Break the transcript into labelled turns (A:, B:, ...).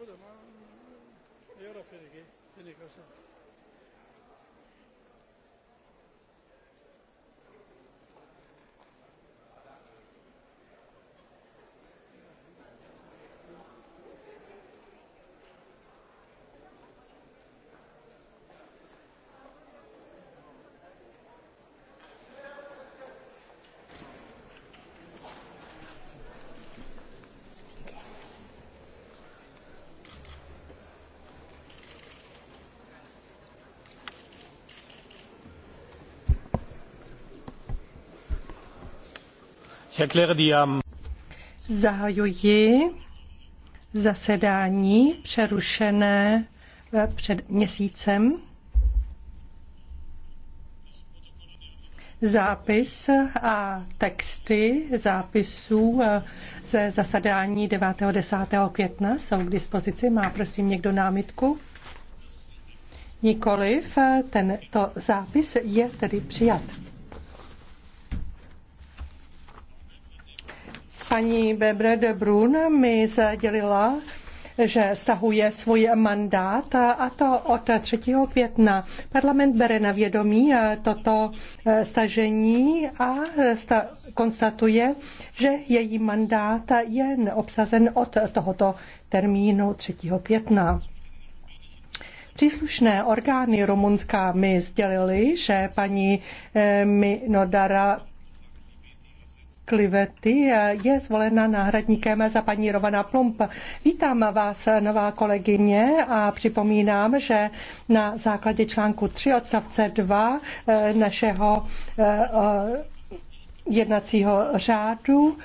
A: şkoda ma jara fil-igi, fil-igi
B: Zahajuji zasedání přerušené eh, před měsícem. Zápis a texty zápisů eh, ze zasedání 9. 10. května jsou k dispozici. Má prosím někdo námitku? Nikoliv, eh, tento zápis je tedy přijat. Paní Bebre de Brun mi sdělila, že stahuje svůj mandát a to od 3. května. Parlament bere na vědomí eh, toto eh, stažení a eh, sta- konstatuje, že její mandát je obsazen od tohoto termínu 3. května. Příslušné orgány Rumunska mi sdělili, že paní Minodara Klivety eh, je zvolena náhradníkem za paní Rovana Plump. Vítám vás, nová kolegyně, a připomínám, že na základě článku 3 odstavce 2 eh, našeho eh, jednacího řádu